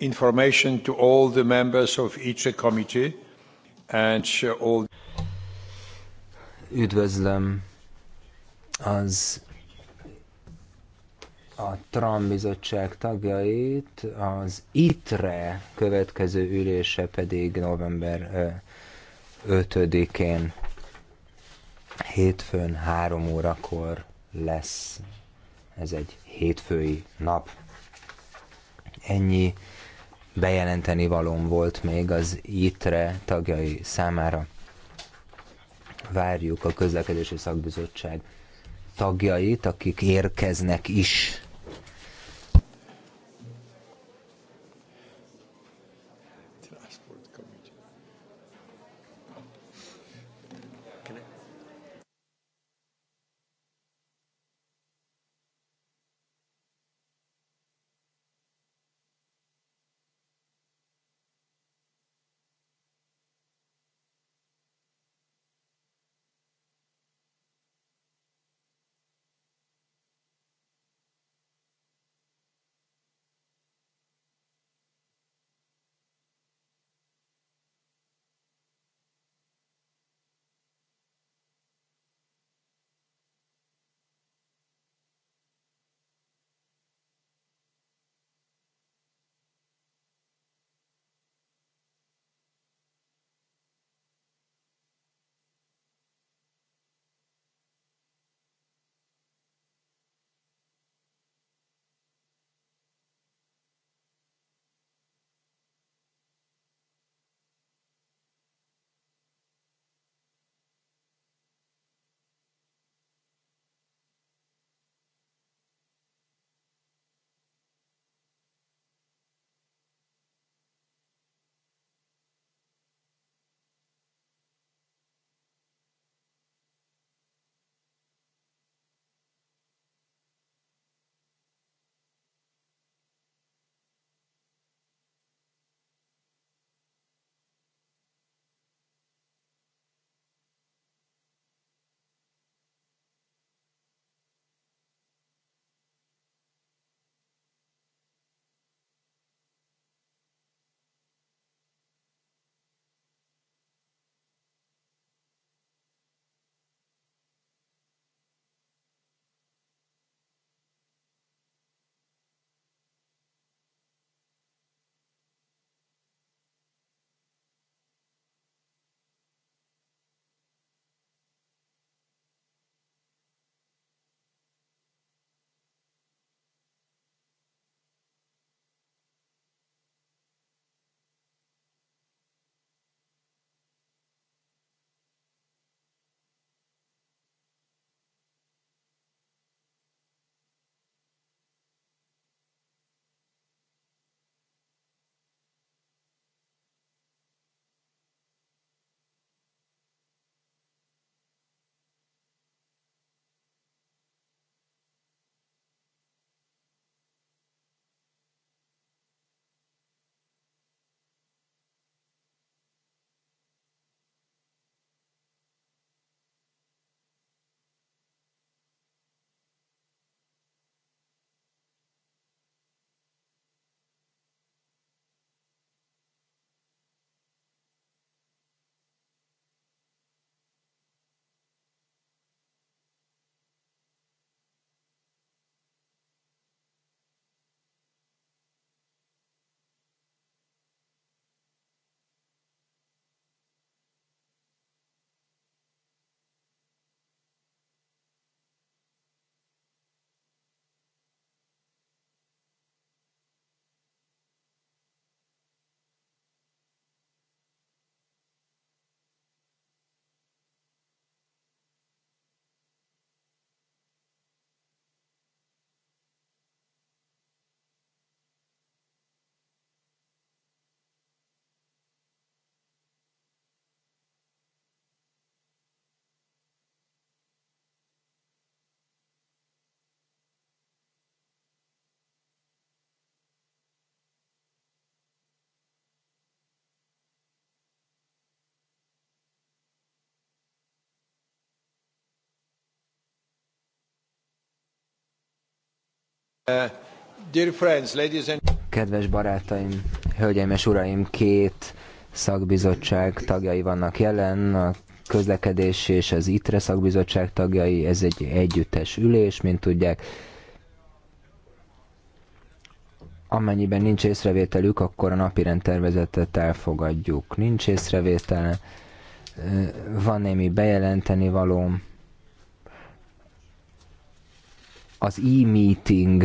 information to all the members of each committee and all Üdvözlöm az a TRAM bizottság tagjait, az ITRE következő ülése pedig november 5-én hétfőn 3 órakor lesz. Ez egy hétfői nap. Ennyi bejelenteni valóm volt még az ITRE tagjai számára. Várjuk a közlekedési szakbizottság tagjait, akik érkeznek is Kedves barátaim, hölgyeim és uraim, két szakbizottság tagjai vannak jelen, a közlekedés és az ITRE szakbizottság tagjai, ez egy együttes ülés, mint tudják. Amennyiben nincs észrevételük, akkor a napirend rendtervezetet elfogadjuk. Nincs észrevétel, van némi bejelenteni valóm. az e-meeting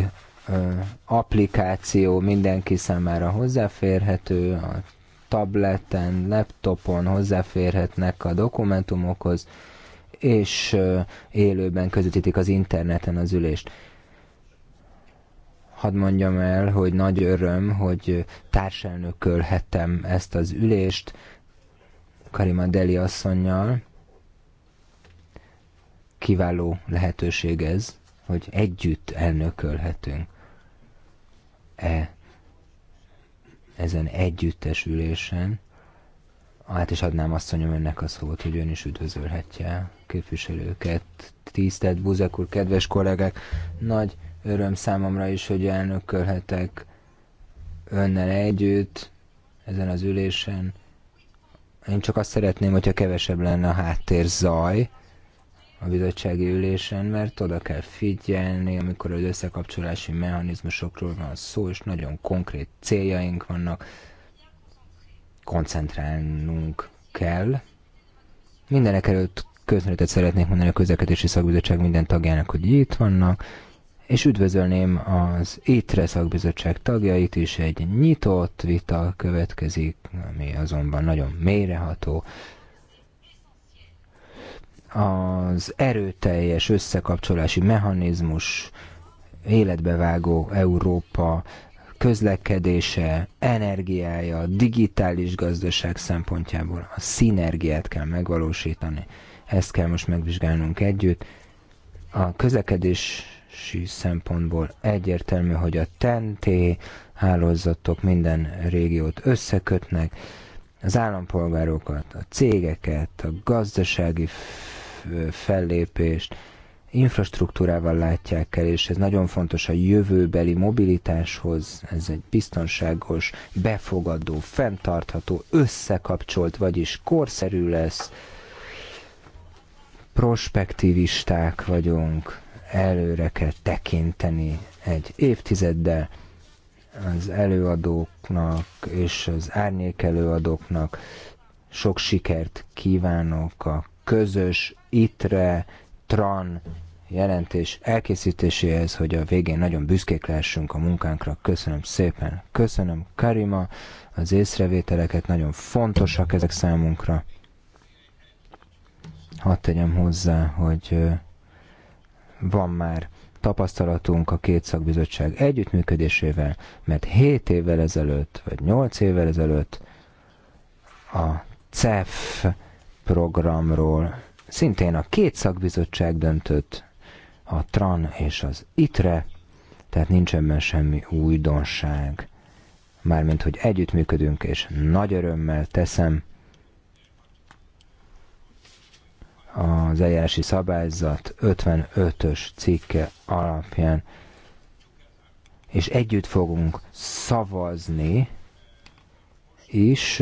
applikáció mindenki számára hozzáférhető, a tableten, laptopon hozzáférhetnek a dokumentumokhoz, és élőben közvetítik az interneten az ülést. Hadd mondjam el, hogy nagy öröm, hogy társelnökölhettem ezt az ülést Karima Deli asszonynal. Kiváló lehetőség ez hogy együtt elnökölhetünk e ezen együttesülésen. Hát is adnám asszonyom önnek a szót, hogy ön is üdvözölhetje a képviselőket. Tisztelt Buzek úr, kedves kollégák, nagy öröm számomra is, hogy elnökölhetek önnel együtt ezen az ülésen. Én csak azt szeretném, hogyha kevesebb lenne a háttér zaj, a bizottsági ülésen, mert oda kell figyelni, amikor az összekapcsolási mechanizmusokról van szó, és nagyon konkrét céljaink vannak, koncentrálnunk kell. Mindenek előtt köszönetet szeretnék mondani a közlekedési szakbizottság minden tagjának, hogy itt vannak, és üdvözölném az ITRE szakbizottság tagjait is, egy nyitott vita következik, ami azonban nagyon mélyreható, az erőteljes összekapcsolási mechanizmus, életbevágó Európa közlekedése, energiája, digitális gazdaság szempontjából a szinergiát kell megvalósítani. Ezt kell most megvizsgálnunk együtt. A közlekedési szempontból egyértelmű, hogy a TNT hálózatok minden régiót összekötnek, az állampolgárokat, a cégeket, a gazdasági fellépést, infrastruktúrával látják el, és ez nagyon fontos a jövőbeli mobilitáshoz, ez egy biztonságos, befogadó, fenntartható, összekapcsolt, vagyis korszerű lesz, prospektivisták vagyunk, előre kell tekinteni egy évtizeddel az előadóknak és az árnyék előadóknak sok sikert kívánok a közös ITRE, TRAN jelentés elkészítéséhez, hogy a végén nagyon büszkék lehessünk a munkánkra. Köszönöm szépen. Köszönöm Karima, az észrevételeket nagyon fontosak ezek számunkra. Hadd tegyem hozzá, hogy van már tapasztalatunk a két szakbizottság együttműködésével, mert 7 évvel ezelőtt, vagy 8 évvel ezelőtt a CEF programról szintén a két szakbizottság döntött, a TRAN és az ITRE, tehát nincs ebben semmi újdonság. Mármint, hogy együttműködünk, és nagy örömmel teszem az eljárási szabályzat 55-ös cikke alapján, és együtt fogunk szavazni is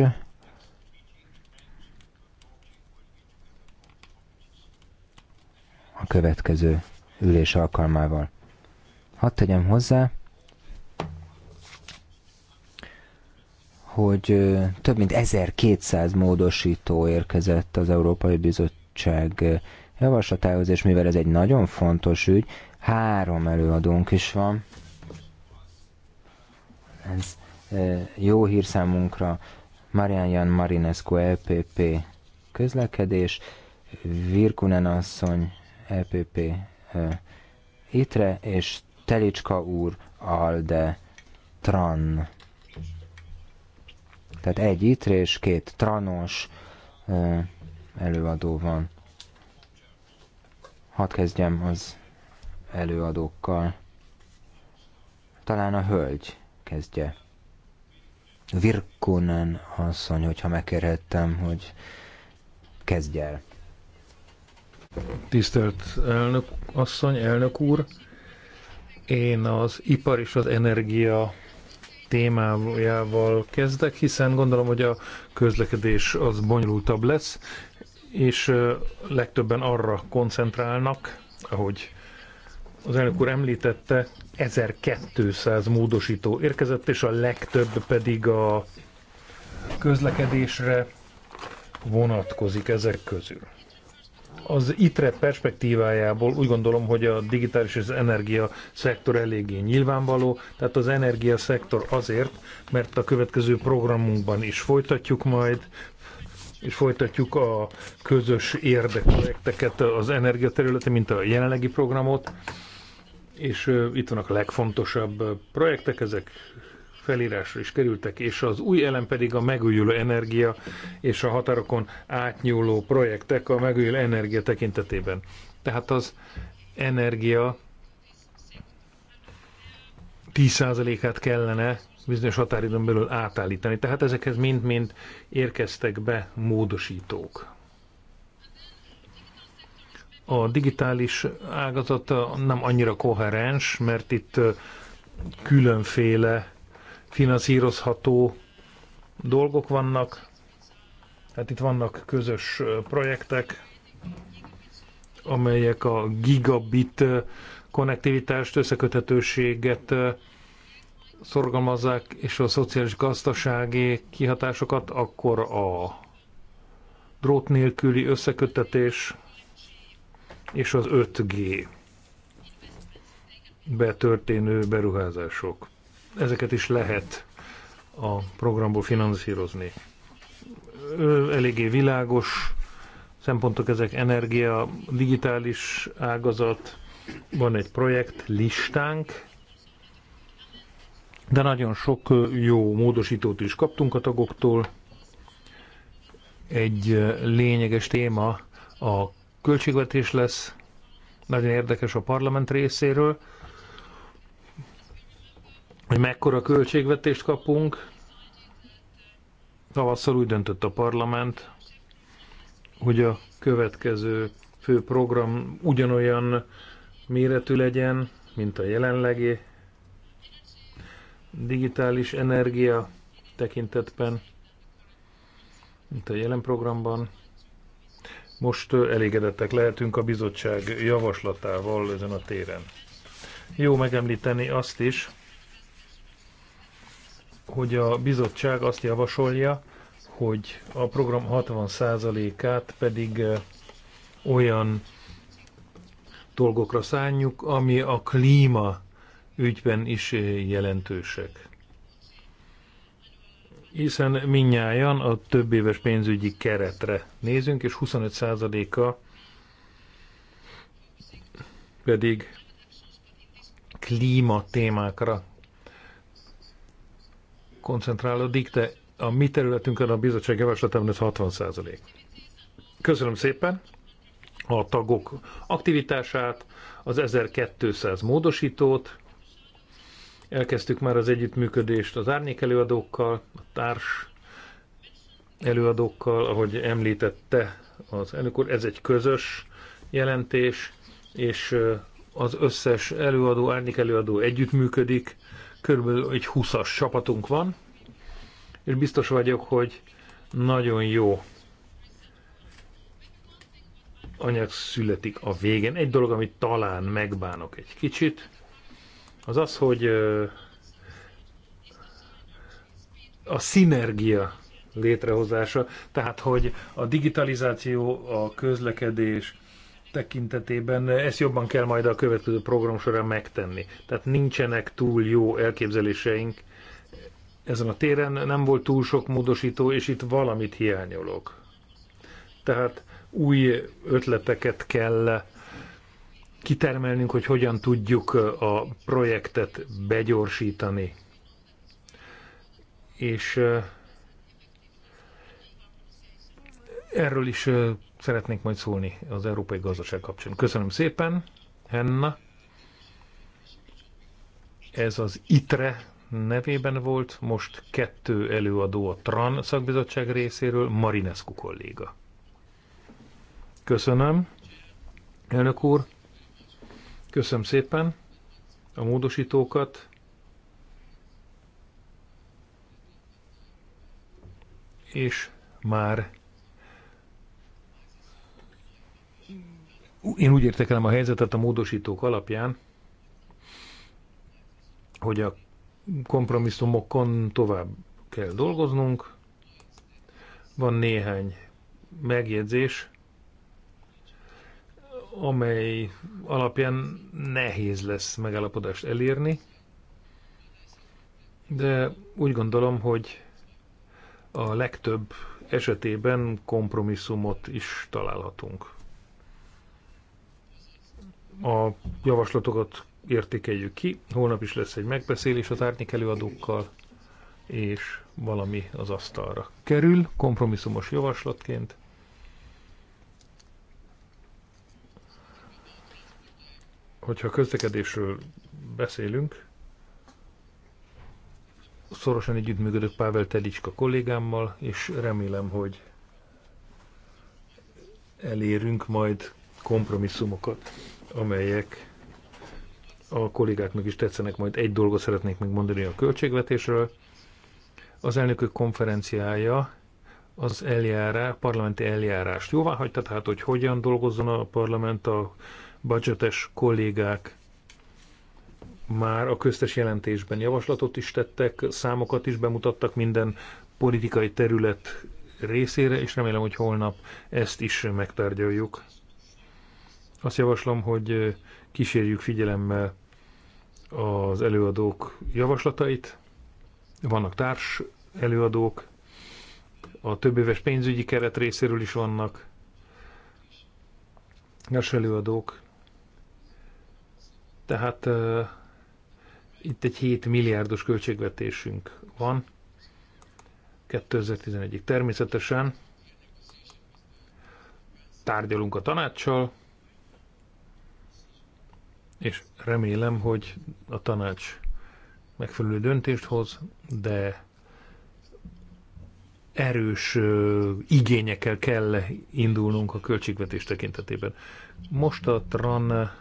a következő ülés alkalmával. Hadd tegyem hozzá, hogy több mint 1200 módosító érkezett az Európai Bizottság javaslatához, és mivel ez egy nagyon fontos ügy, három előadónk is van. Ez jó hír számunkra. Marian Jan Marinescu, LPP közlekedés, Virkunen asszony, EPP ITRE, és Telicska úr ALDE TRAN. Tehát egy ITRE és két TRANOS előadó van. Hadd kezdjem az előadókkal. Talán a hölgy kezdje. Virkunen asszony, hogyha megkérhettem, hogy kezdj el. Tisztelt elnök asszony, elnök úr! Én az ipar és az energia témájával kezdek, hiszen gondolom, hogy a közlekedés az bonyolultabb lesz, és legtöbben arra koncentrálnak, ahogy az elnök úr említette, 1200 módosító érkezett, és a legtöbb pedig a közlekedésre vonatkozik ezek közül az ITRE perspektívájából úgy gondolom, hogy a digitális és az energia szektor eléggé nyilvánvaló, tehát az energia szektor azért, mert a következő programunkban is folytatjuk majd, és folytatjuk a közös érdekprojekteket az energiaterülete, mint a jelenlegi programot, és itt vannak a legfontosabb projektek, ezek felírásra is kerültek, és az új elem pedig a megújuló energia és a határokon átnyúló projektek a megújuló energia tekintetében. Tehát az energia 10%-át kellene bizonyos határidőn belül átállítani. Tehát ezekhez mind-mind érkeztek be módosítók. A digitális ágazat nem annyira koherens, mert itt különféle finanszírozható dolgok vannak. Hát itt vannak közös projektek, amelyek a gigabit konnektivitást, összekötetőséget szorgalmazzák, és a szociális gazdasági kihatásokat, akkor a drót nélküli összekötetés és az 5G betörténő beruházások ezeket is lehet a programból finanszírozni. Eléggé világos szempontok ezek, energia, digitális ágazat, van egy projekt listánk, de nagyon sok jó módosítót is kaptunk a tagoktól. Egy lényeges téma a költségvetés lesz, nagyon érdekes a parlament részéről, hogy mekkora költségvetést kapunk. Tavasszal úgy döntött a parlament, hogy a következő fő program ugyanolyan méretű legyen, mint a jelenlegi digitális energia tekintetben, mint a jelen programban. Most elégedettek lehetünk a bizottság javaslatával ezen a téren. Jó megemlíteni azt is, hogy a bizottság azt javasolja, hogy a program 60%-át pedig olyan dolgokra szánjuk, ami a klíma ügyben is jelentősek. Hiszen minnyáján a több éves pénzügyi keretre nézünk, és 25%-a pedig klíma témákra koncentrálódik, de a mi területünkön a bizottság javaslatában ez 60 százalék. Köszönöm szépen a tagok aktivitását, az 1200 módosítót, elkezdtük már az együttműködést az árnyék előadókkal, a társ előadókkal, ahogy említette az elnök úr, ez egy közös jelentés, és az összes előadó, árnyék előadó együttműködik, Körülbelül egy 20-as csapatunk van, és biztos vagyok, hogy nagyon jó anyag születik a végén. Egy dolog, amit talán megbánok egy kicsit, az az, hogy a szinergia létrehozása, tehát hogy a digitalizáció, a közlekedés, tekintetében ezt jobban kell majd a következő program során megtenni. Tehát nincsenek túl jó elképzeléseink ezen a téren, nem volt túl sok módosító, és itt valamit hiányolok. Tehát új ötleteket kell kitermelnünk, hogy hogyan tudjuk a projektet begyorsítani. És Erről is szeretnék majd szólni az európai gazdaság kapcsán. Köszönöm szépen, Henna. Ez az ITRE nevében volt, most kettő előadó a TRAN szakbizottság részéről, Marinescu kolléga. Köszönöm, elnök úr. Köszönöm szépen a módosítókat. És már én úgy értekelem a helyzetet a módosítók alapján, hogy a kompromisszumokon tovább kell dolgoznunk. Van néhány megjegyzés, amely alapján nehéz lesz megállapodást elérni, de úgy gondolom, hogy a legtöbb esetében kompromisszumot is találhatunk a javaslatokat értékeljük ki. Holnap is lesz egy megbeszélés az árnyék előadókkal, és valami az asztalra kerül, kompromisszumos javaslatként. Hogyha közlekedésről beszélünk, szorosan együttműködök Pável Telicska kollégámmal, és remélem, hogy elérünk majd kompromisszumokat amelyek a kollégáknak is tetszenek, majd egy dolgot szeretnék még mondani a költségvetésről. Az elnökök konferenciája az eljárás, parlamenti eljárást jóvá hagyta, tehát hogy hogyan dolgozzon a parlament a budgetes kollégák már a köztes jelentésben javaslatot is tettek, számokat is bemutattak minden politikai terület részére, és remélem, hogy holnap ezt is megtárgyaljuk. Azt javaslom, hogy kísérjük figyelemmel az előadók javaslatait. Vannak társ előadók, a többéves pénzügyi keret részéről is vannak társ előadók. Tehát uh, itt egy 7 milliárdos költségvetésünk van 2011-ig. Természetesen tárgyalunk a tanácssal, és remélem, hogy a tanács megfelelő döntést hoz, de erős igényekkel kell indulnunk a költségvetés tekintetében. Most a TRAN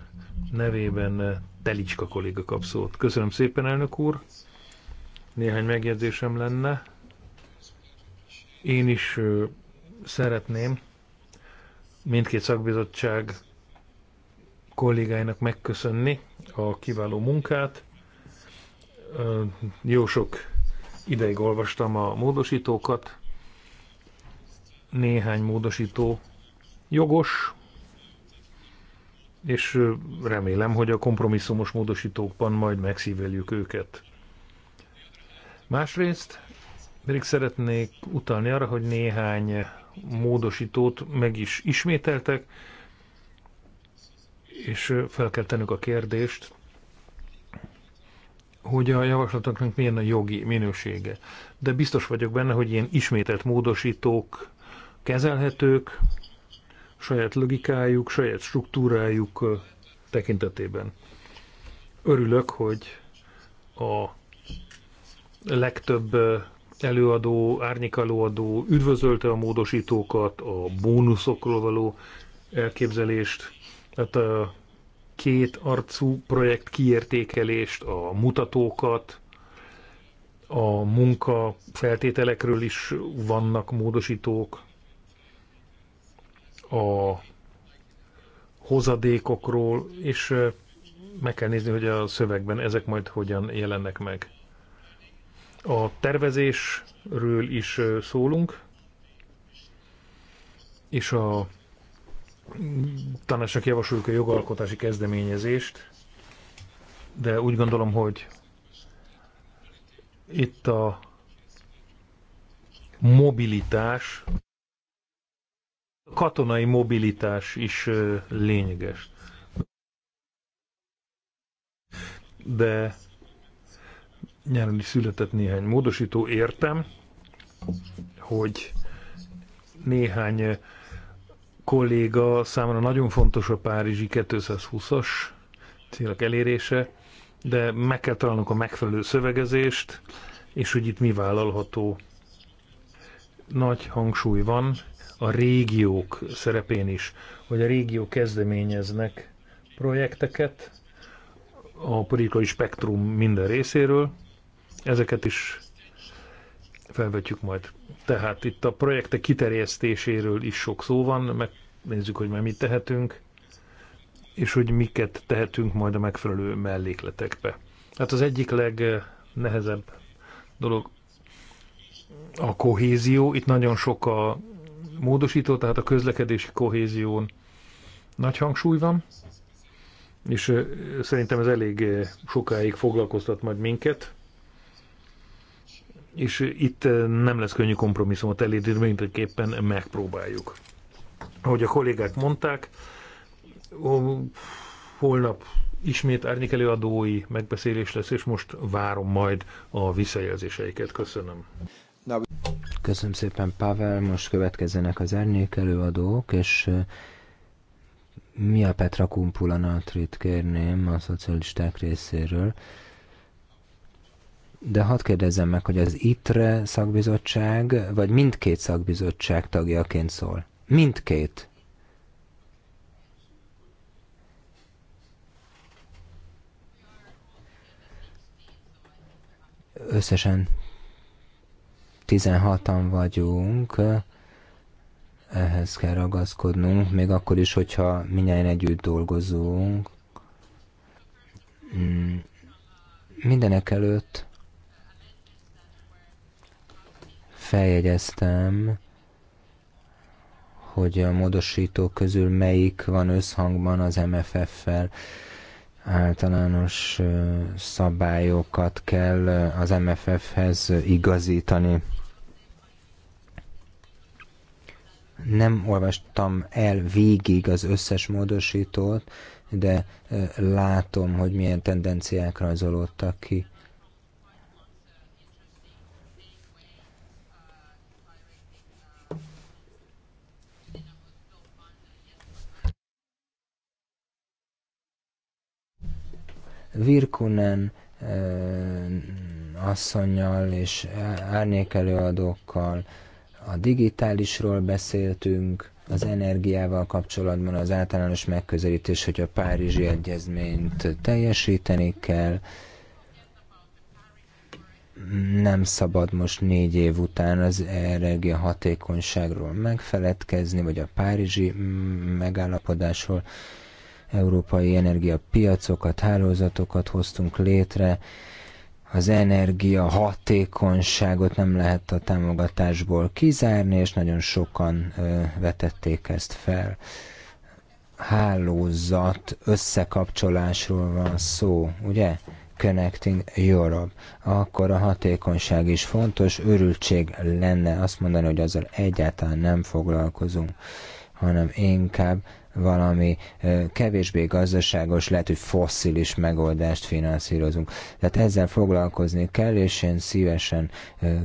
nevében Telicska kolléga kap szót. Köszönöm szépen, elnök úr! Néhány megjegyzésem lenne. Én is szeretném mindkét szakbizottság kollégáinak megköszönni a kiváló munkát. Jó sok ideig olvastam a módosítókat. Néhány módosító jogos, és remélem, hogy a kompromisszumos módosítókban majd megszíveljük őket. Másrészt pedig szeretnék utalni arra, hogy néhány módosítót meg is ismételtek, és fel kell tennünk a kérdést, hogy a javaslatoknak milyen a jogi minősége. De biztos vagyok benne, hogy ilyen ismételt módosítók kezelhetők, saját logikájuk, saját struktúrájuk tekintetében. Örülök, hogy a legtöbb előadó, árnyékelőadó üdvözölte a módosítókat, a bónuszokról való elképzelést, tehát a két arcú projekt kiértékelést, a mutatókat, a munka feltételekről is vannak módosítók, a hozadékokról, és meg kell nézni, hogy a szövegben ezek majd hogyan jelennek meg. A tervezésről is szólunk, és a tanácsnak javasoljuk a jogalkotási kezdeményezést, de úgy gondolom, hogy itt a mobilitás, a katonai mobilitás is lényeges. De nyáron is született néhány módosító, értem, hogy néhány kolléga számára nagyon fontos a Párizsi 220-as célok elérése, de meg kell találnunk a megfelelő szövegezést, és hogy itt mi vállalható. Nagy hangsúly van a régiók szerepén is, hogy a régió kezdeményeznek projekteket a politikai spektrum minden részéről. Ezeket is felvetjük majd. Tehát itt a projektek kiterjesztéséről is sok szó van, megnézzük, hogy már mit tehetünk, és hogy miket tehetünk majd a megfelelő mellékletekbe. Hát az egyik legnehezebb dolog a kohézió. Itt nagyon sok a módosító, tehát a közlekedési kohézión nagy hangsúly van, és szerintem ez elég sokáig foglalkoztat majd minket és itt nem lesz könnyű kompromisszumot elérni, mindenképpen megpróbáljuk. Ahogy a kollégák mondták, holnap ismét árnyékelőadói megbeszélés lesz, és most várom majd a visszajelzéseiket. Köszönöm. Köszönöm szépen, Pavel. Most következzenek az árnyékelőadók, és mi a Petra Kumpula kérném a szocialisták részéről. De hadd kérdezzem meg, hogy az ITRE szakbizottság, vagy mindkét szakbizottság tagjaként szól? Mindkét. Összesen 16-an vagyunk, ehhez kell ragaszkodnunk, még akkor is, hogyha minnyáján együtt dolgozunk. Hmm. Mindenek előtt feljegyeztem, hogy a módosítók közül melyik van összhangban az MFF-fel. Általános szabályokat kell az MFF-hez igazítani. Nem olvastam el végig az összes módosítót, de látom, hogy milyen tendenciák rajzolódtak ki Virkunen asszonynal és árnyékelőadókkal, a digitálisról beszéltünk, az energiával kapcsolatban az általános megközelítés, hogy a Párizsi Egyezményt teljesíteni kell, nem szabad most négy év után az energia hatékonyságról megfeledkezni, vagy a párizsi megállapodásról európai energiapiacokat, hálózatokat hoztunk létre, az energia hatékonyságot nem lehet a támogatásból kizárni, és nagyon sokan vetették ezt fel. Hálózat összekapcsolásról van szó, ugye? Connecting Europe. Akkor a hatékonyság is fontos, örültség lenne azt mondani, hogy azzal egyáltalán nem foglalkozunk, hanem inkább valami kevésbé gazdaságos, lehet, hogy fosszilis megoldást finanszírozunk. Tehát ezzel foglalkozni kell, és én szívesen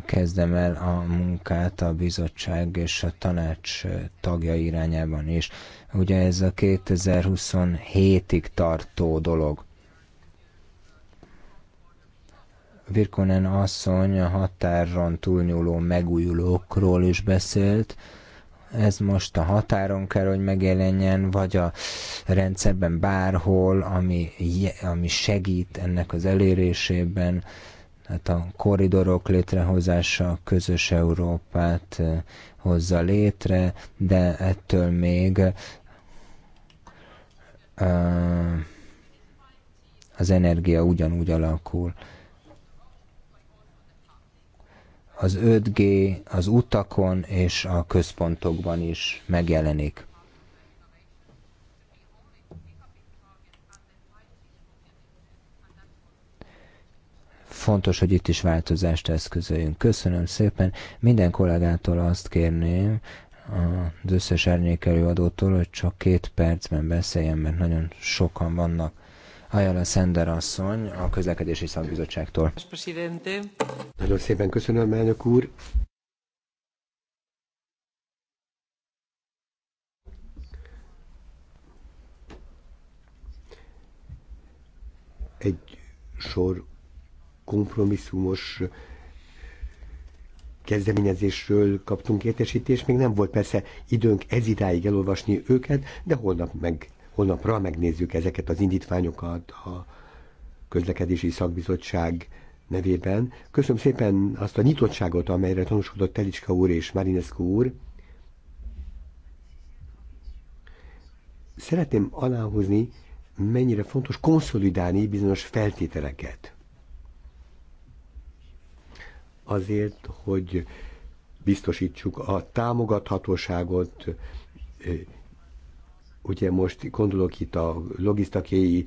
kezdem el a munkát a bizottság és a tanács tagja irányában is. Ugye ez a 2027-ig tartó dolog. Virkonen asszony a határon túlnyúló megújulókról is beszélt, ez most a határon kell, hogy megjelenjen, vagy a rendszerben bárhol, ami, ami segít ennek az elérésében, tehát a koridorok létrehozása közös Európát hozza létre, de ettől még az energia ugyanúgy alakul az 5G az utakon és a központokban is megjelenik. Fontos, hogy itt is változást eszközöljünk. Köszönöm szépen. Minden kollégától azt kérném, az összes árnyékelő adótól, hogy csak két percben beszéljen, mert nagyon sokan vannak. Ajala Szender asszony a közlekedési szakbizottságtól. Nagyon szépen köszönöm, elnök úr. Egy sor kompromisszumos kezdeményezésről kaptunk értesítést, még nem volt persze időnk ez idáig elolvasni őket, de holnap meg holnapra megnézzük ezeket az indítványokat a közlekedési szakbizottság nevében. Köszönöm szépen azt a nyitottságot, amelyre tanúskodott Telicska úr és Marinescu úr. Szeretném aláhozni, mennyire fontos konszolidálni bizonyos feltételeket. Azért, hogy biztosítsuk a támogathatóságot, ugye most gondolok itt a logisztikai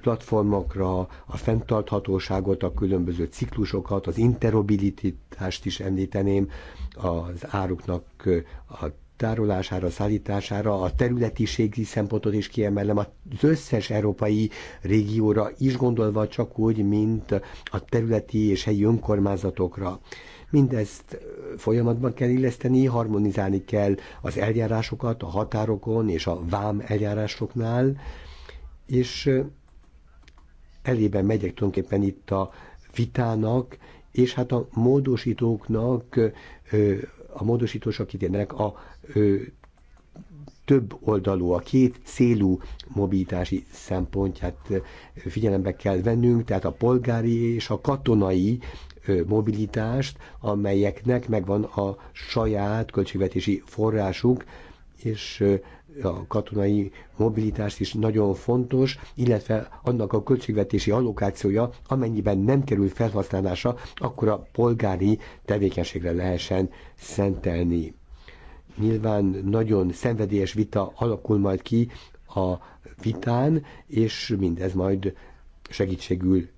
platformokra, a fenntarthatóságot, a különböző ciklusokat, az interobilitást is említeném, az áruknak a tárolására, szállítására, a területiségi szempontot is kiemelem, az összes európai régióra is gondolva csak úgy, mint a területi és helyi önkormányzatokra. Mindezt folyamatban kell illeszteni, harmonizálni kell az eljárásokat a határokon és a vám eljárásoknál, és elében megyek tulajdonképpen itt a vitának, és hát a módosítóknak, a módosítósok kitérnek a több oldalú, a két szélú mobilitási szempontját figyelembe kell vennünk, tehát a polgári és a katonai mobilitást, amelyeknek megvan a saját költségvetési forrásuk, és a katonai mobilitást is nagyon fontos, illetve annak a költségvetési allokációja, amennyiben nem kerül felhasználása, akkor a polgári tevékenységre lehessen szentelni. Nyilván nagyon szenvedélyes vita alakul majd ki a vitán, és mindez majd segítségül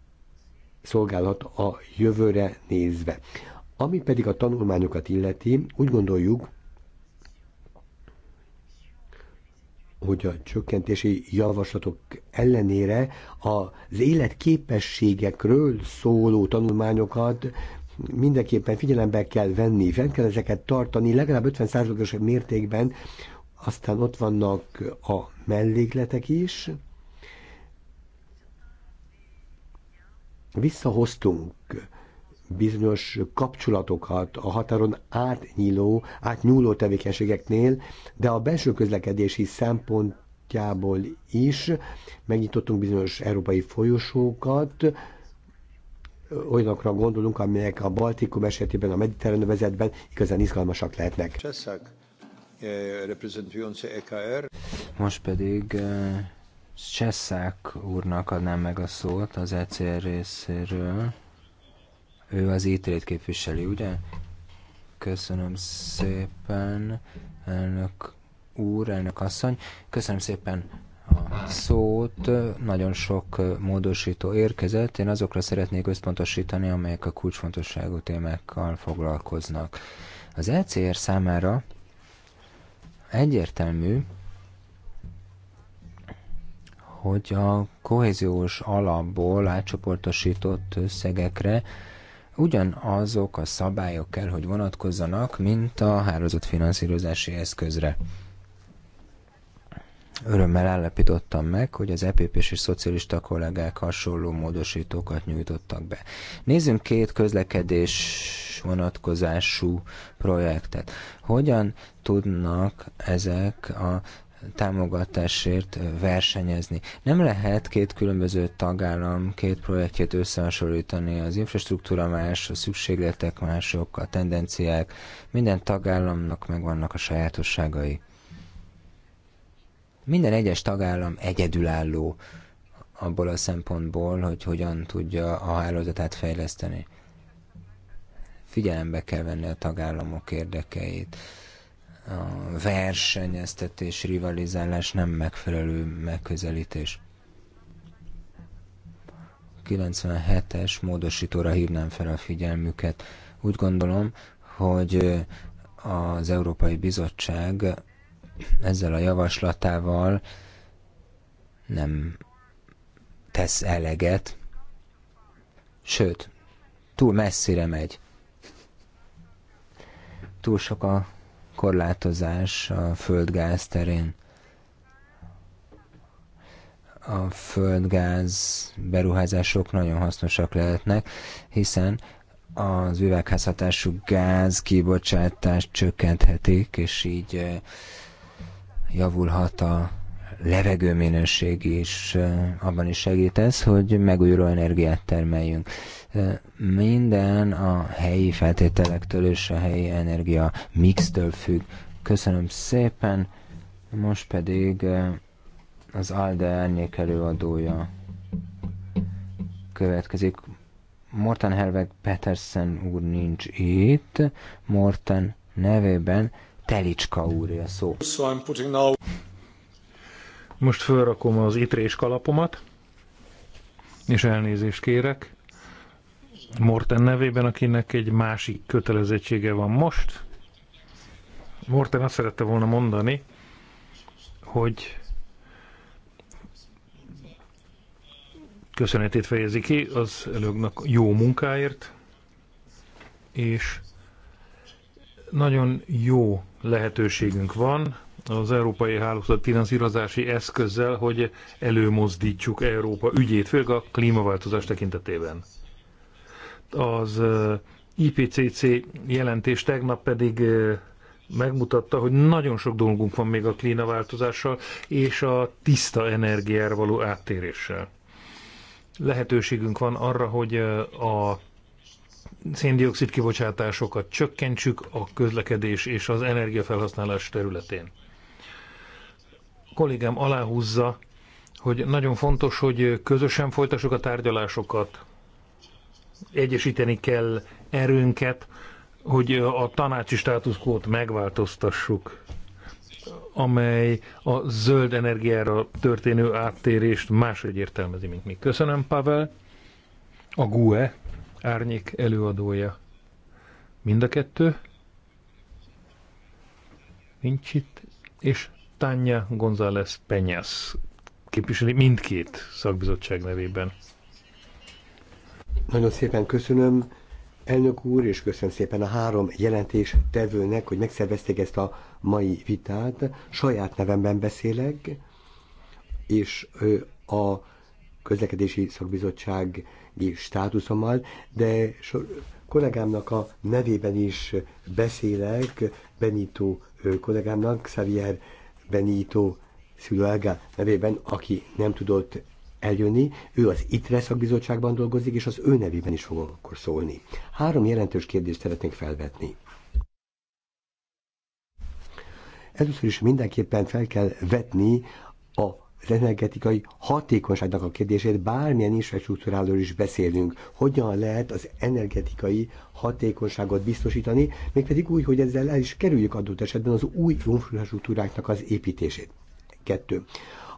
szolgálhat a jövőre nézve. Ami pedig a tanulmányokat illeti, úgy gondoljuk, hogy a csökkentési javaslatok ellenére az életképességekről szóló tanulmányokat mindenképpen figyelembe kell venni, fenn kell ezeket tartani, legalább 50%-os mértékben, aztán ott vannak a mellékletek is, visszahoztunk bizonyos kapcsolatokat a határon átnyíló, átnyúló tevékenységeknél, de a belső közlekedési szempontjából is megnyitottunk bizonyos európai folyosókat, olyanokra gondolunk, amelyek a Baltikum esetében, a mediterrán vezetben igazán izgalmasak lehetnek. Eh, e Most pedig eh, Cseszák úrnak adnám meg a szót az ECR részéről. Ő az ítélét képviseli, ugye? Köszönöm szépen, elnök úr, elnök asszony. Köszönöm szépen a szót. Nagyon sok módosító érkezett. Én azokra szeretnék összpontosítani, amelyek a kulcsfontosságú témákkal foglalkoznak. Az ECR számára egyértelmű, hogy a kohéziós alapból átcsoportosított összegekre ugyanazok a szabályok kell, hogy vonatkozzanak, mint a hálózatfinanszírozási eszközre. Örömmel állapítottam meg, hogy az epp és szocialista kollégák hasonló módosítókat nyújtottak be. Nézzünk két közlekedés vonatkozású projektet. Hogyan tudnak ezek a támogatásért versenyezni. Nem lehet két különböző tagállam két projektjét összehasonlítani, az infrastruktúra más, a szükségletek mások, a tendenciák, minden tagállamnak megvannak a sajátosságai. Minden egyes tagállam egyedülálló abból a szempontból, hogy hogyan tudja a hálózatát fejleszteni. Figyelembe kell venni a tagállamok érdekeit a versenyeztetés, rivalizálás nem megfelelő megközelítés. 97-es módosítóra hívnám fel a figyelmüket. Úgy gondolom, hogy az Európai Bizottság ezzel a javaslatával nem tesz eleget, sőt, túl messzire megy. Túl sok a korlátozás a földgáz terén. A földgáz beruházások nagyon hasznosak lehetnek, hiszen az üvegházhatású gáz kibocsátást csökkenthetik, és így javulhat a levegőminőség is. Abban is segít ez, hogy megújuló energiát termeljünk. Minden a helyi feltételektől és a helyi energia mixtől függ. Köszönöm szépen, most pedig az ALDE árnyék előadója következik. Morten Herweg Petersen úr nincs itt, Morten nevében Telicska úr a szó. Most felrakom az itrés kalapomat, és elnézést kérek. Morten nevében, akinek egy másik kötelezettsége van most. Morten azt szerette volna mondani, hogy köszönetét fejezi ki az előknak jó munkáért, és nagyon jó lehetőségünk van az Európai Hálózat finanszírozási eszközzel, hogy előmozdítsuk Európa ügyét, főleg a klímaváltozás tekintetében. Az IPCC jelentés tegnap pedig megmutatta, hogy nagyon sok dolgunk van még a klímaváltozással és a tiszta energiára való áttéréssel. Lehetőségünk van arra, hogy a széndiokszid kibocsátásokat csökkentsük a közlekedés és az energiafelhasználás területén. A kollégám aláhúzza, hogy nagyon fontos, hogy közösen folytassuk a tárgyalásokat egyesíteni kell erőnket, hogy a tanácsi státuszkót megváltoztassuk, amely a zöld energiára történő áttérést máshogy értelmezi, mint mi. Köszönöm, Pavel. A GUE árnyék előadója. Mind a kettő? Nincs itt. És Tanya González Penyász képviseli mindkét szakbizottság nevében. Nagyon szépen köszönöm, elnök úr, és köszönöm szépen a három jelentés tevőnek, hogy megszervezték ezt a mai vitát. Saját nevemben beszélek, és a közlekedési szakbizottság státuszommal, de kollégámnak a nevében is beszélek, Benito kollégámnak, Xavier Benito Szülőága nevében, aki nem tudott eljönni, ő az ITRE szakbizottságban dolgozik, és az ő nevében is fogok akkor szólni. Három jelentős kérdést szeretnénk felvetni. Először is mindenképpen fel kell vetni a az energetikai hatékonyságnak a kérdését, bármilyen infrastruktúráról is beszélünk, hogyan lehet az energetikai hatékonyságot biztosítani, mégpedig úgy, hogy ezzel el is kerüljük adott esetben az új infrastruktúráknak az építését. Kettő.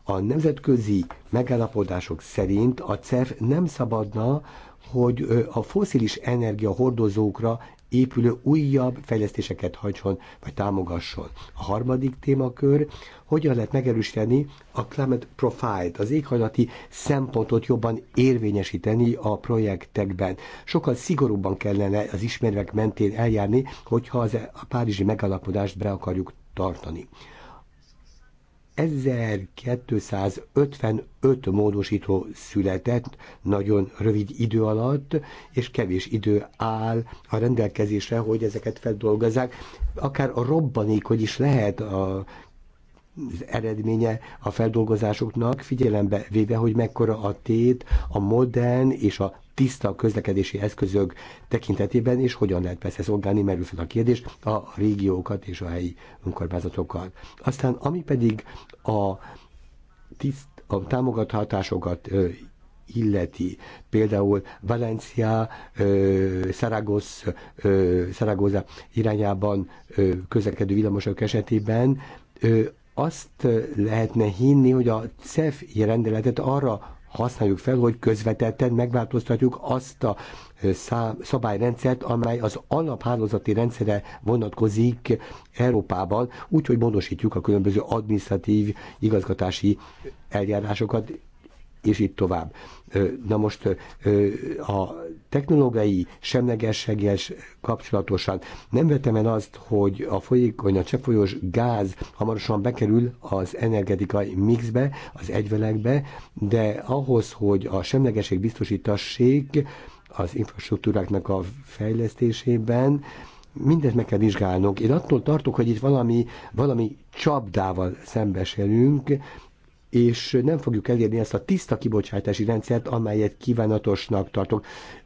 A nemzetközi megállapodások szerint a CEF nem szabadna, hogy a foszilis energiahordozókra épülő újabb fejlesztéseket hagyson vagy támogasson. A harmadik témakör, hogyan lehet megerősíteni a climate profile az éghajlati szempontot jobban érvényesíteni a projektekben. Sokkal szigorúbban kellene az ismervek mentén eljárni, hogyha az a párizsi megalapodást be akarjuk tartani. 1255 módosító született nagyon rövid idő alatt, és kevés idő áll a rendelkezésre, hogy ezeket feldolgozzák. Akár a robbanék, hogy is lehet a az eredménye a feldolgozásoknak, figyelembe véve, hogy mekkora a tét a modern és a tiszta közlekedési eszközök tekintetében, és hogyan lehet persze szolgálni, merül fel a kérdés, a régiókat és a helyi önkormányzatokat. Aztán ami pedig a, tiszt, a támogathatásokat illeti. Például Valencia, Szaragosz, irányában közlekedő villamosok esetében azt lehetne hinni, hogy a CEF rendeletet arra használjuk fel, hogy közvetetten megváltoztatjuk azt a szabályrendszert, amely az alaphálózati rendszere vonatkozik Európában, úgyhogy módosítjuk a különböző administratív igazgatási eljárásokat, és itt tovább. Na most a technológiai semlegességgel kapcsolatosan nem vetem el azt, hogy a folyékony, a cseppfolyós gáz hamarosan bekerül az energetikai mixbe, az egyvelekbe, de ahhoz, hogy a semlegesség biztosítassék az infrastruktúráknak a fejlesztésében, mindezt meg kell vizsgálnunk. Én attól tartok, hogy itt valami, valami csapdával szembesülünk, és nem fogjuk elérni ezt a tiszta kibocsátási rendszert, amelyet kívánatosnak tartok.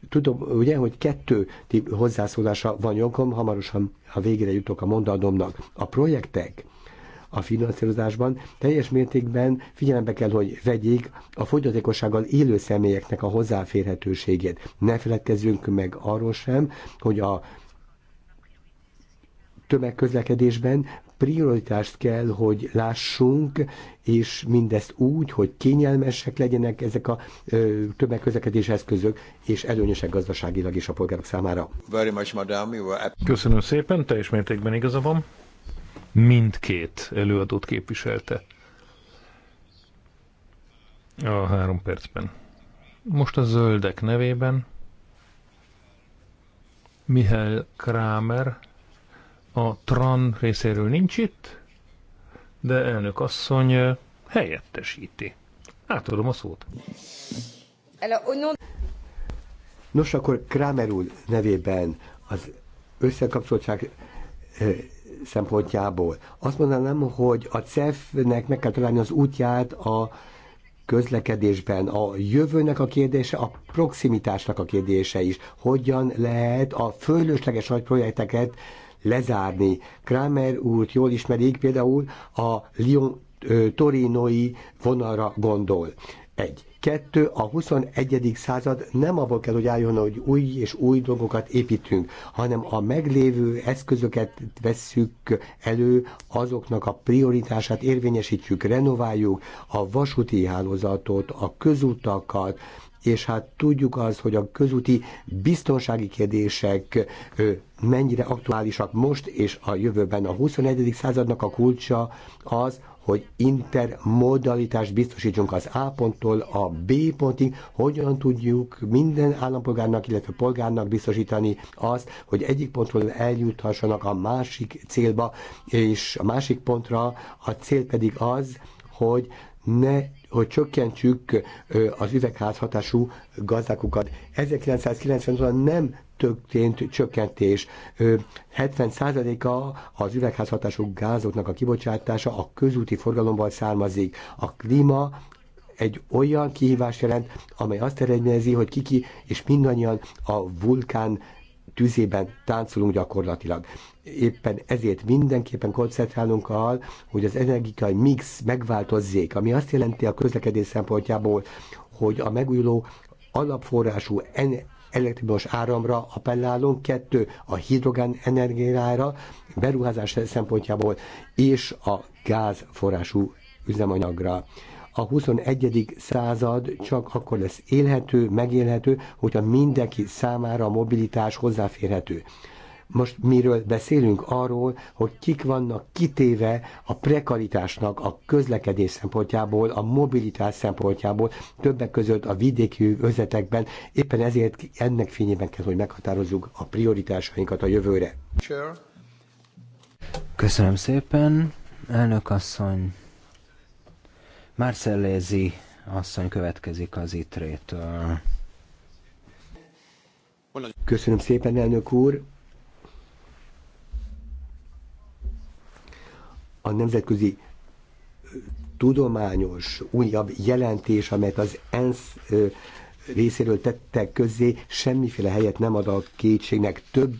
Tudom, ugye, hogy kettő hozzászólása van jogom, hamarosan a végére jutok a mondadomnak. A projektek a finanszírozásban teljes mértékben figyelembe kell, hogy vegyék a fogyatékossággal élő személyeknek a hozzáférhetőségét. Ne feledkezzünk meg arról sem, hogy a tömegközlekedésben prioritást kell, hogy lássunk, és mindezt úgy, hogy kényelmesek legyenek ezek a tömegközlekedés eszközök, és előnyösek gazdaságilag is a polgárok számára. Very much, madam. Köszönöm szépen, teljes mértékben igaza van. Mindkét előadót képviselte a három percben. Most a zöldek nevében Mihály Kramer a TRAN részéről nincs itt, de elnök asszony helyettesíti. Átadom a szót. Nos, akkor Kramer úr nevében az összekapcsoltság szempontjából azt mondanám, hogy a CEF-nek meg kell találni az útját a közlekedésben a jövőnek a kérdése, a proximitásnak a kérdése is. Hogyan lehet a fölösleges nagy projekteket lezárni. Kramer úrt jól ismerik, például a Lyon torinoi vonalra gondol. Egy. Kettő, a 21. század nem abból kell, hogy álljon, hogy új és új dolgokat építünk, hanem a meglévő eszközöket vesszük elő, azoknak a prioritását érvényesítjük, renováljuk a vasúti hálózatot, a közutakat, és hát tudjuk az, hogy a közúti biztonsági kérdések mennyire aktuálisak most és a jövőben. A 21. századnak a kulcsa az, hogy intermodalitást biztosítsunk az A ponttól a B pontig, hogyan tudjuk minden állampolgárnak, illetve polgárnak biztosítani azt, hogy egyik pontról eljuthassanak a másik célba, és a másik pontra a cél pedig az, hogy ne hogy csökkentsük az üvegházhatású gazdákukat. 1990 ban nem történt csökkentés. 70%-a az üvegházhatású gázoknak a kibocsátása a közúti forgalomban származik. A klíma egy olyan kihívás jelent, amely azt eredményezi, hogy kiki és mindannyian a vulkán tüzében táncolunk gyakorlatilag. Éppen ezért mindenképpen koncentrálunk arra, hogy az energikai mix megváltozzék, ami azt jelenti a közlekedés szempontjából, hogy a megújuló alapforrású elektromos áramra appellálunk, kettő a hidrogén energiára, beruházás szempontjából, és a gázforrású üzemanyagra a 21. század csak akkor lesz élhető, megélhető, hogyha mindenki számára a mobilitás hozzáférhető. Most miről beszélünk? Arról, hogy kik vannak kitéve a prekaritásnak a közlekedés szempontjából, a mobilitás szempontjából, többek között a vidéki özetekben. Éppen ezért ennek fényében kell, hogy meghatározzuk a prioritásainkat a jövőre. Köszönöm szépen, elnök asszony. Marcellézi asszony következik az itrétől. Köszönöm szépen, elnök úr! A nemzetközi tudományos újabb jelentés, amelyet az ENSZ részéről tettek közzé, semmiféle helyet nem ad a kétségnek. Több,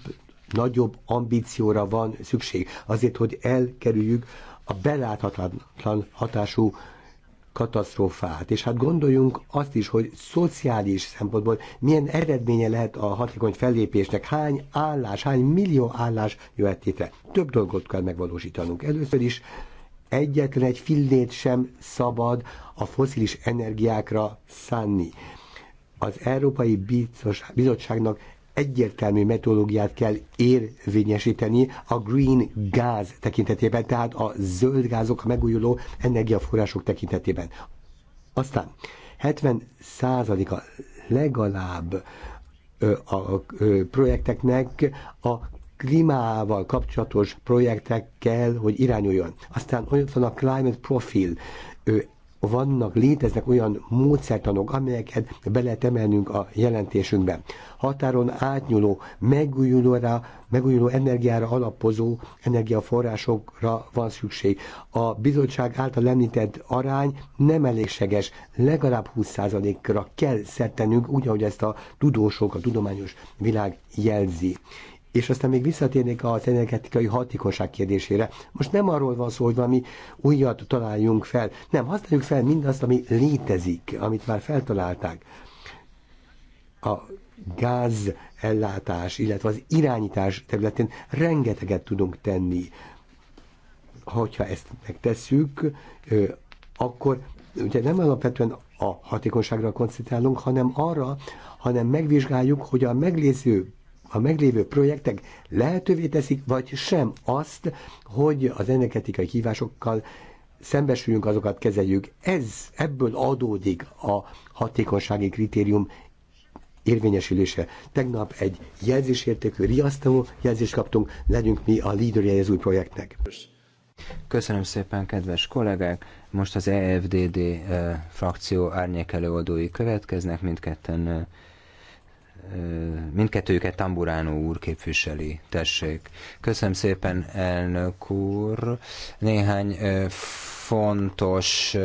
nagyobb ambícióra van szükség. Azért, hogy elkerüljük a beláthatatlan hatású katasztrófát. És hát gondoljunk azt is, hogy szociális szempontból milyen eredménye lehet a hatékony fellépésnek, hány állás, hány millió állás jöhet létre. Több dolgot kell megvalósítanunk. Először is egyetlen egy fillét sem szabad a foszilis energiákra szánni. Az Európai Bizottságnak egyértelmű metodológiát kell érvényesíteni a green gáz tekintetében, tehát a zöld gázok, a megújuló energiaforrások tekintetében. Aztán 70 a legalább a projekteknek a klímával kapcsolatos projektekkel, hogy irányuljon. Aztán ott van a climate profil, vannak, léteznek olyan módszertanok, amelyeket be lehet emelnünk a jelentésünkbe. Határon átnyúló, megújulóra, megújuló energiára alapozó energiaforrásokra van szükség. A bizottság által említett arány nem elégséges, legalább 20%-ra kell szertenünk, úgy, ahogy ezt a tudósok, a tudományos világ jelzi. És aztán még visszatérnék az energetikai hatékonyság kérdésére. Most nem arról van szó, hogy valami újat találjunk fel. Nem, használjuk fel mindazt, ami létezik, amit már feltalálták. A gáz ellátás, illetve az irányítás területén rengeteget tudunk tenni. Hogyha ezt megtesszük, akkor ugye nem alapvetően a hatékonyságra koncentrálunk, hanem arra, hanem megvizsgáljuk, hogy a meglévő a meglévő projektek lehetővé teszik, vagy sem azt, hogy az energetikai hívásokkal szembesüljünk, azokat kezeljük. Ez ebből adódik a hatékonysági kritérium érvényesülése. Tegnap egy jelzésértékű riasztó jelzést kaptunk, legyünk mi a líderje az új projektnek. Köszönöm szépen, kedves kollégák! Most az EFDD eh, frakció árnyékelőoldói következnek, mindketten eh, mindkettőjüket Tamburánó úr képviseli. Tessék. Köszönöm szépen, elnök úr. Néhány fontos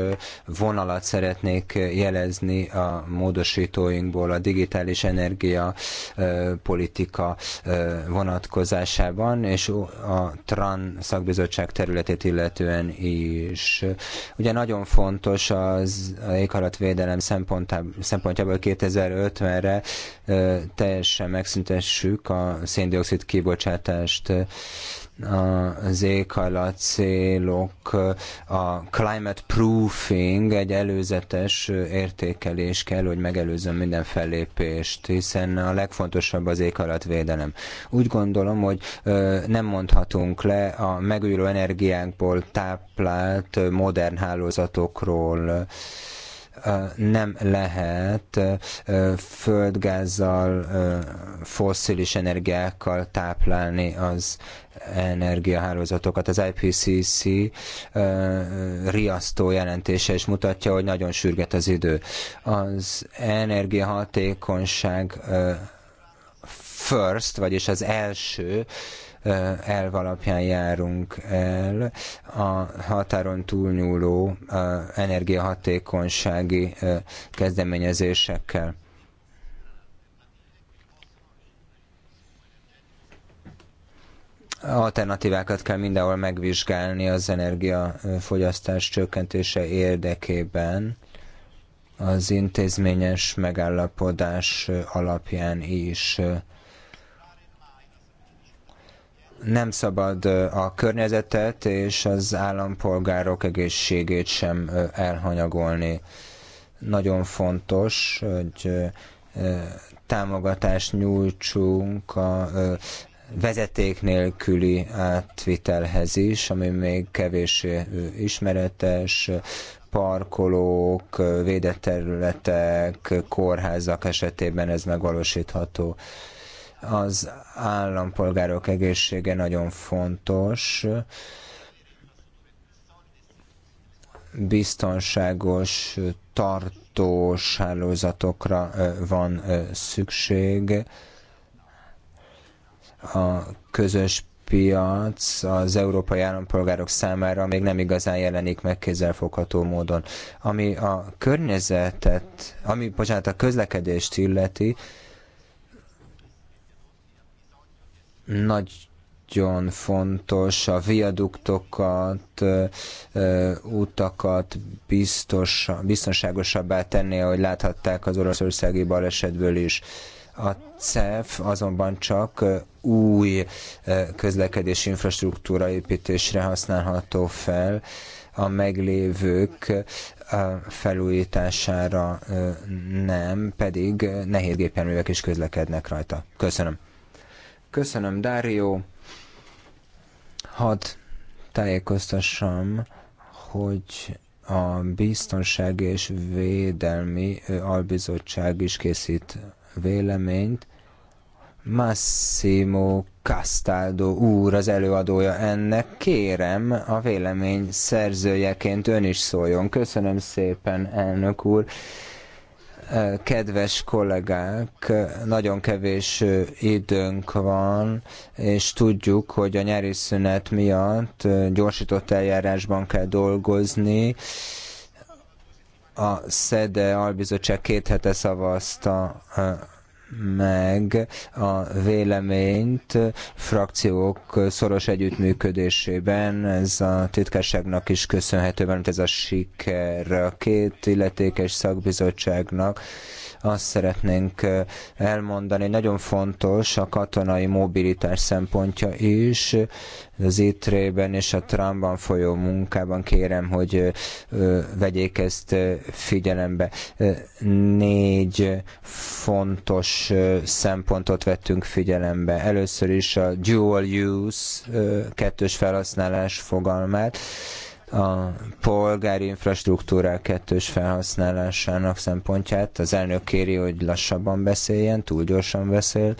vonalat szeretnék jelezni a módosítóinkból a digitális energia politika vonatkozásában, és a TRAN szakbizottság területét illetően is. Ugye nagyon fontos az éghajlatvédelem szempontjából 2050-re teljesen megszüntessük a széndiokszid kibocsátást az éghajlat célok, a climate proofing egy előzetes értékelés kell, hogy megelőzön minden fellépést, hiszen a legfontosabb az éghajlatvédelem. Úgy gondolom, hogy nem mondhatunk le a megújuló energiánkból táplált modern hálózatokról, nem lehet földgázzal, fosszilis energiákkal táplálni az energiahálózatokat. Az IPCC riasztó jelentése is mutatja, hogy nagyon sürget az idő. Az energiahatékonyság first, vagyis az első elv alapján járunk el a határon túlnyúló energiahatékonysági kezdeményezésekkel. alternatívákat kell mindenhol megvizsgálni az energiafogyasztás csökkentése érdekében az intézményes megállapodás alapján is nem szabad a környezetet és az állampolgárok egészségét sem elhanyagolni. Nagyon fontos, hogy támogatást nyújtsunk a vezeték nélküli átvitelhez is, ami még kevésé ismeretes, parkolók, védett területek, kórházak esetében ez megvalósítható. Az állampolgárok egészsége nagyon fontos. Biztonságos, tartós hálózatokra van szükség. A közös piac az európai állampolgárok számára még nem igazán jelenik meg kézzelfogható módon. Ami a környezetet, ami bocsánat, a közlekedést illeti, Nagyon fontos a viaduktokat, utakat biztos, biztonságosabbá tenni, ahogy láthatták az oroszországi balesetből is. A CEF azonban csak új közlekedési infrastruktúra építésre használható fel, a meglévők felújítására nem, pedig nehéz gépjárművek is közlekednek rajta. Köszönöm. Köszönöm, Dario, Hadd tájékoztassam, hogy a Biztonsági és Védelmi Albizottság is készít véleményt. Massimo Castaldo úr az előadója ennek. Kérem, a vélemény szerzőjeként ön is szóljon. Köszönöm szépen, elnök úr. Kedves kollégák, nagyon kevés időnk van, és tudjuk, hogy a nyári szünet miatt gyorsított eljárásban kell dolgozni. A SZEDE albizottság két hete szavazta meg a véleményt frakciók szoros együttműködésében. Ez a titkárságnak is köszönhető, mert ez a siker a két illetékes szakbizottságnak azt szeretnénk elmondani, nagyon fontos a katonai mobilitás szempontja is. Az ITRE-ben és a Tramban folyó munkában kérem, hogy vegyék ezt figyelembe. Négy fontos szempontot vettünk figyelembe. Először is a dual use, kettős felhasználás fogalmát, a polgári infrastruktúra kettős felhasználásának szempontját. Az elnök kéri, hogy lassabban beszéljen, túl gyorsan beszél.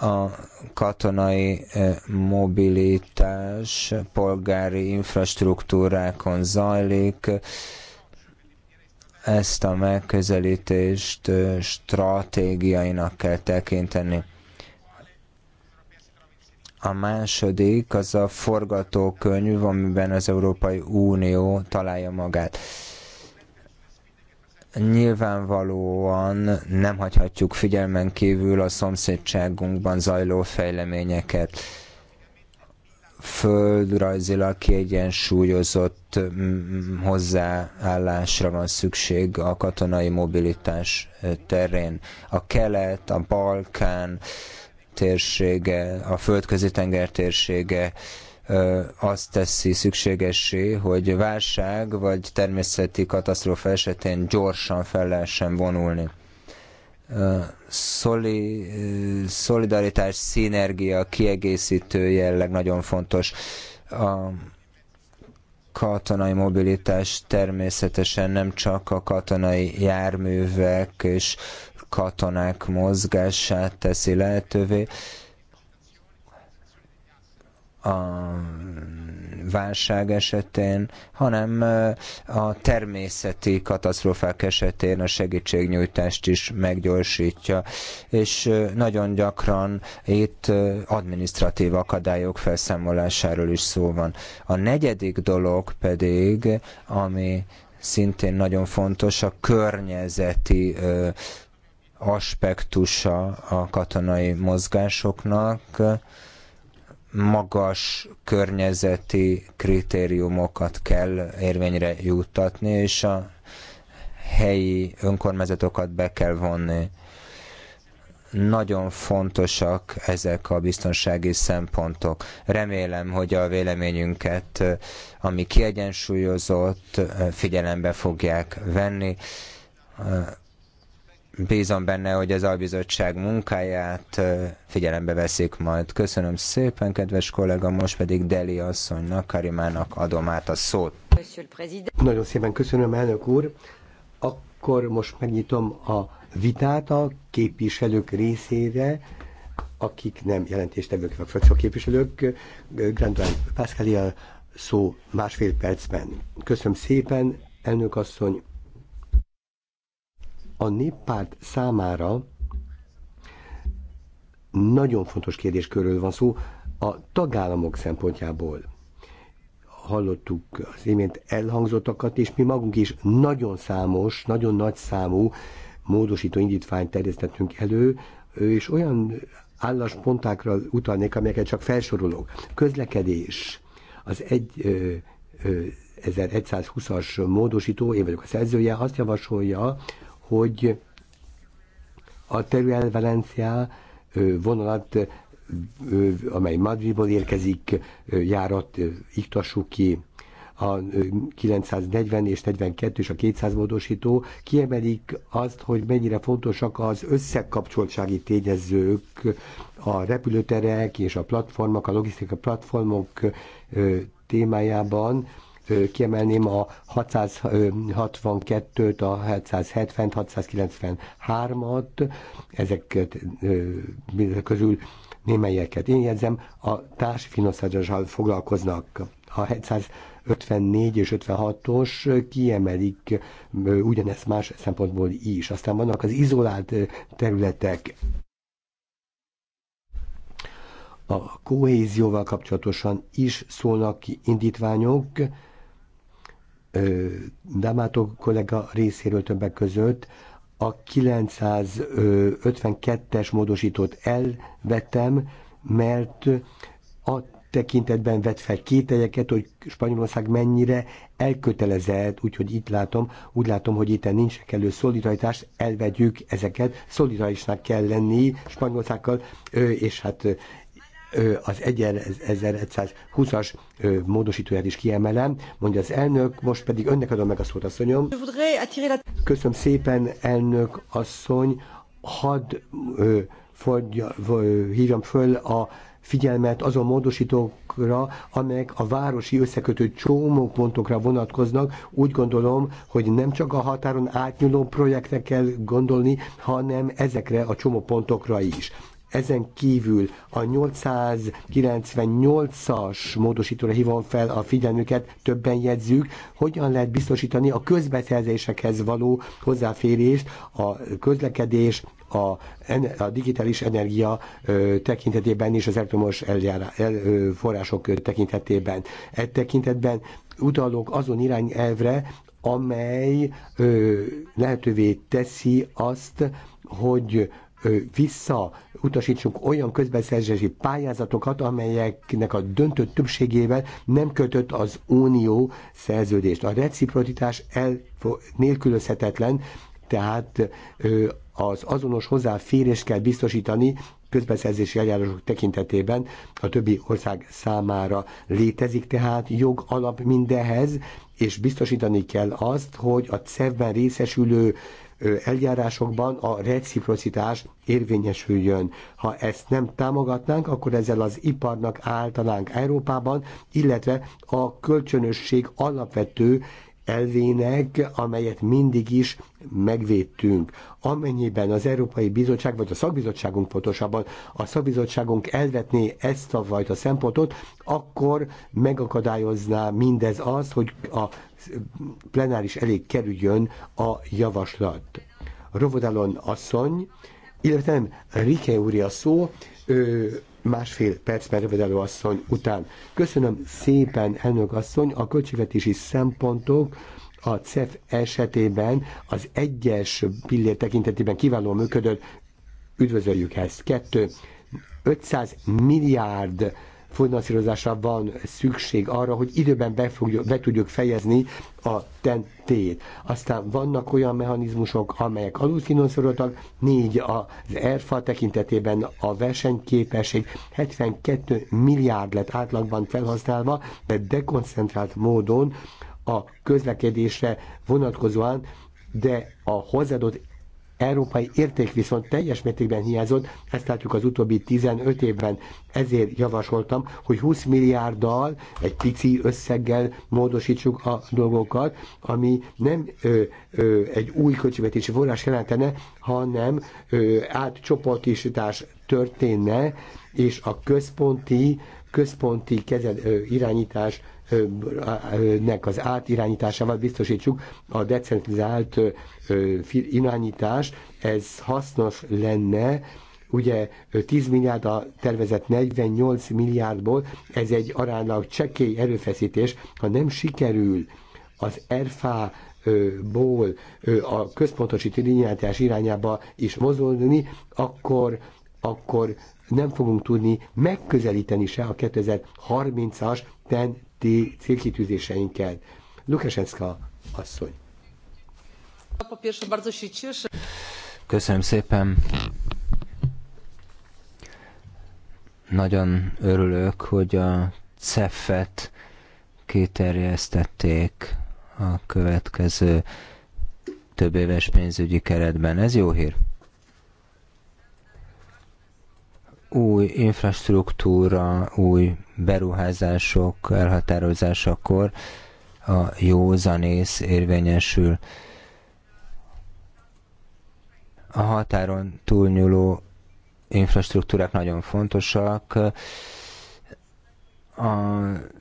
A katonai e, mobilitás polgári infrastruktúrákon zajlik. Ezt a megközelítést e, stratégiainak kell tekinteni. A második az a forgatókönyv, amiben az Európai Unió találja magát. Nyilvánvalóan nem hagyhatjuk figyelmen kívül a szomszédságunkban zajló fejleményeket földrajzilag kiegyensúlyozott mm, mm, hozzáállásra van szükség a katonai mobilitás terén. A kelet, a Balkán, térsége, a földközi tenger térsége azt teszi szükségessé, hogy válság vagy természeti katasztrófa esetén gyorsan fel lehessen vonulni. Szoli, szolidaritás, szinergia, kiegészítő jelleg nagyon fontos. A katonai mobilitás természetesen nem csak a katonai járművek és katonák mozgását teszi lehetővé. A válság esetén, hanem a természeti katasztrófák esetén a segítségnyújtást is meggyorsítja, és nagyon gyakran itt administratív akadályok felszámolásáról is szó van. A negyedik dolog pedig, ami szintén nagyon fontos, a környezeti aspektusa a katonai mozgásoknak, magas környezeti kritériumokat kell érvényre juttatni, és a helyi önkormányzatokat be kell vonni. Nagyon fontosak ezek a biztonsági szempontok. Remélem, hogy a véleményünket, ami kiegyensúlyozott, figyelembe fogják venni Bízom benne, hogy az albizottság munkáját figyelembe veszik majd. Köszönöm szépen, kedves kollega, most pedig Deli asszonynak, Karimának adom át a szót. Nagyon szépen köszönöm, elnök úr. Akkor most megnyitom a vitát a képviselők részére, akik nem jelentéstevők, vagy frakció képviselők. Grandván Pászkália szó másfél percben. Köszönöm szépen, elnök asszony a néppárt számára nagyon fontos kérdés körül van szó a tagállamok szempontjából. Hallottuk az imént elhangzottakat, és mi magunk is nagyon számos, nagyon nagy számú módosító indítványt terjesztettünk elő, és olyan álláspontákra utalnék, amelyeket csak felsorolok. Közlekedés, az egy ö, ö, 1120-as módosító, én vagyok a szerzője, azt javasolja, hogy a Teruel Valencia vonalat, amely Madridból érkezik, járat iktassuk ki a 940 és 42 és a 200 módosító kiemelik azt, hogy mennyire fontosak az összekapcsoltsági tényezők, a repülőterek és a platformok, a logisztikai platformok témájában, kiemelném a 662-t, a 770-t, 693-at, ezeket közül némelyeket én jegyzem, a társfinanszírozással foglalkoznak a 754 és 56-os kiemelik ugyanezt más szempontból is. Aztán vannak az izolált területek, a kohézióval kapcsolatosan is szólnak ki indítványok, Damato kollega részéről többek között a 952-es módosítót elvettem, mert a tekintetben vett fel kételyeket, hogy Spanyolország mennyire elkötelezett, úgyhogy itt látom, úgy látom, hogy itt nincs kellő szolidaritás, elvegyük ezeket, szolidarisnak kell lenni Spanyolországgal, és hát az 1120-as módosítóját is kiemelem, mondja az elnök, most pedig önnek adom meg a szót, asszonyom. Köszönöm szépen, elnök asszony, hadd ö, fordja, ö, hívjam föl a figyelmet azon módosítókra, amelyek a városi összekötő csomópontokra vonatkoznak. Úgy gondolom, hogy nem csak a határon átnyúló projektre kell gondolni, hanem ezekre a csomópontokra is. Ezen kívül a 898-as módosítóra hívom fel a figyelmüket, többen jegyzük, hogyan lehet biztosítani a közbeszerzésekhez való hozzáférést, a közlekedés, a, a digitális energia ö, tekintetében és az elektromos eljára, el, ö, források tekintetében. Egy tekintetben utalok azon irányelvre, amely ö, lehetővé teszi azt, hogy vissza olyan közbeszerzési pályázatokat, amelyeknek a döntő többségével nem kötött az unió szerződést. A reciprocitás el, nélkülözhetetlen, tehát az azonos hozzáférést kell biztosítani közbeszerzési eljárások tekintetében a többi ország számára létezik, tehát jog alap mindehez, és biztosítani kell azt, hogy a CEV-ben részesülő eljárásokban a reciprocitás érvényesüljön. Ha ezt nem támogatnánk, akkor ezzel az iparnak általánk Európában, illetve a kölcsönösség alapvető elvének, amelyet mindig is megvédtünk. Amennyiben az Európai Bizottság, vagy a szakbizottságunk pontosabban, a szakbizottságunk elvetné ezt a fajta szempontot, akkor megakadályozná mindez azt, hogy a plenáris elég kerüljön a javaslat. Rovodalon asszony, illetve nem, Rike úri a szó, ő, másfél percben mervedelő asszony után. Köszönöm szépen, elnök asszony, a költségvetési szempontok a CEF esetében az egyes pillér tekintetében kiválóan működött, üdvözöljük ezt. Kettő, 500 milliárd finanszírozásra van szükség arra, hogy időben be, fogjuk, be tudjuk fejezni a tentét. Aztán vannak olyan mechanizmusok, amelyek alulfinanszírozottak, négy az ERFA tekintetében a versenyképesség 72 milliárd lett átlagban felhasználva, de dekoncentrált módon a közlekedésre vonatkozóan, de a hozzáadott európai érték viszont teljes mértékben hiányzott, ezt látjuk az utóbbi 15 évben, ezért javasoltam, hogy 20 milliárddal, egy pici összeggel módosítsuk a dolgokat, ami nem ö, ö, egy új költségvetési forrás jelentene, hanem ö, átcsoportisítás történne, és a központi, központi kezel, ö, irányítás nek az átirányításával biztosítsuk a decentralizált irányítást, ez hasznos lenne, ugye 10 milliárd a tervezett 48 milliárdból, ez egy aránylag csekély erőfeszítés, ha nem sikerül az RFA ból a központosító irányítás irányába is mozolni, akkor, akkor nem fogunk tudni megközelíteni se a 2030-as célkitűzéseinkkel. Lukasenszka asszony. Köszönöm szépen. Nagyon örülök, hogy a CEF-et kiterjesztették a következő több éves pénzügyi keretben. Ez jó hír. új infrastruktúra, új beruházások elhatározásakor a józanész érvényesül. A határon túlnyúló infrastruktúrák nagyon fontosak. A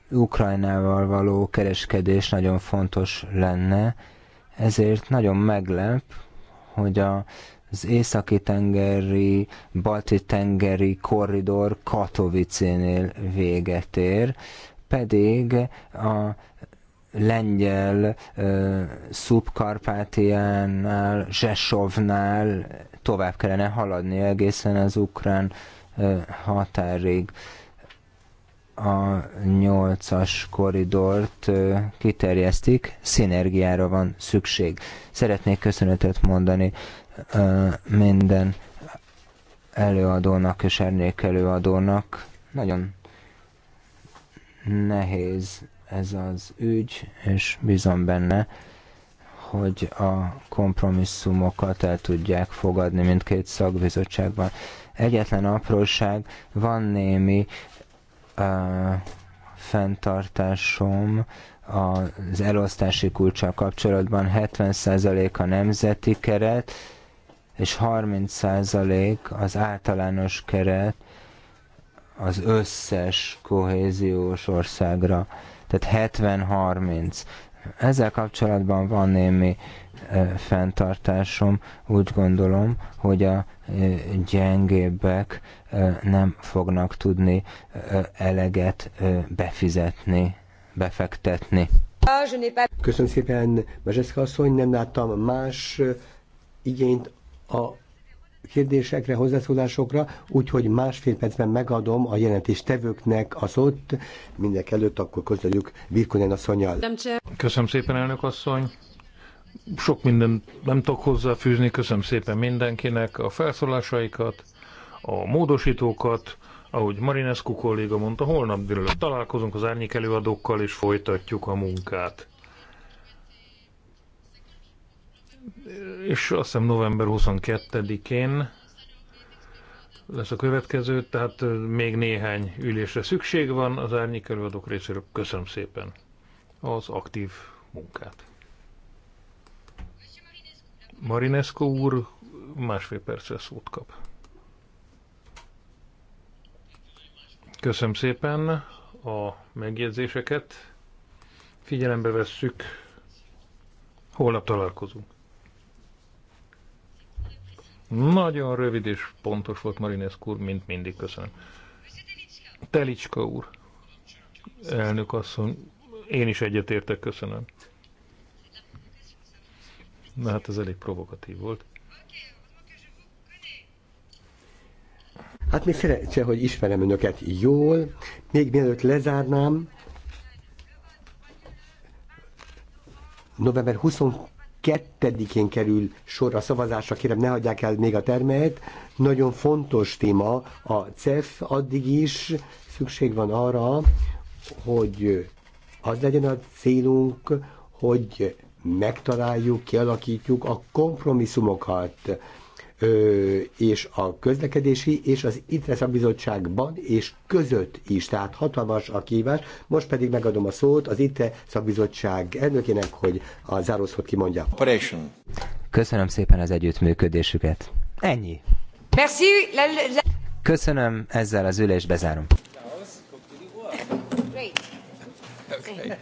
Ukrajnával való kereskedés nagyon fontos lenne, ezért nagyon meglep, hogy a az északi-tengeri, balti-tengeri korridor Katowicénél véget ér, pedig a lengyel uh, szubkarpátiánál, Zsesovnál tovább kellene haladni egészen az ukrán uh, határig. Uh, a nyolcas koridort kiterjesztik, szinergiára van szükség. Szeretnék köszönetet mondani minden előadónak és ernék előadónak. Nagyon nehéz ez az ügy, és bízom benne, hogy a kompromisszumokat el tudják fogadni mindkét szakbizottságban. Egyetlen apróság, van némi fenntartásom az elosztási kulcsal kapcsolatban 70% a nemzeti keret, és 30% az általános keret az összes kohéziós országra. Tehát 70-30. Ezzel kapcsolatban van némi e, fenntartásom. Úgy gondolom, hogy a e, gyengébbek nem fognak tudni eleget befizetni, befektetni. Köszönöm szépen, Mezseszka asszony, nem láttam más igényt a kérdésekre, hozzászólásokra, úgyhogy másfél percben megadom a jelentéstevőknek az ott. Mindek előtt akkor közöljük Virkonen asszonyjal. Köszönöm szépen, elnök asszony. Sok minden nem tudok hozzáfűzni, köszönöm szépen mindenkinek a felszólásaikat a módosítókat, ahogy Marinescu kolléga mondta, holnap délelőtt találkozunk az árnyék előadókkal, és folytatjuk a munkát. És azt hiszem november 22-én lesz a következő, tehát még néhány ülésre szükség van az árnyék előadók részéről. Köszönöm szépen az aktív munkát. Marinescu úr másfél percre szót kap. Köszönöm szépen a megjegyzéseket. Figyelembe vesszük. Holnap találkozunk. Nagyon rövid és pontos volt Marinesz úr, mint mindig, köszönöm. Telicska úr, elnök asszony, én is egyetértek, köszönöm. Na hát ez elég provokatív volt. Hát még szerencsé, hogy ismerem önöket jól. Még mielőtt lezárnám, november 22-én kerül sor a szavazásra, kérem ne hagyják el még a termet. Nagyon fontos téma a CEF, addig is szükség van arra, hogy az legyen a célunk, hogy megtaláljuk, kialakítjuk a kompromisszumokat és a közlekedési és az ITRESZA bizottságban és között is, tehát hatalmas a kívás. Most pedig megadom a szót az ITRE szakbizottság elnökének, hogy a zárószót kimondja. Operation. Köszönöm szépen az együttműködésüket. Ennyi. Merci. Köszönöm, ezzel az ülést bezárom. Okay.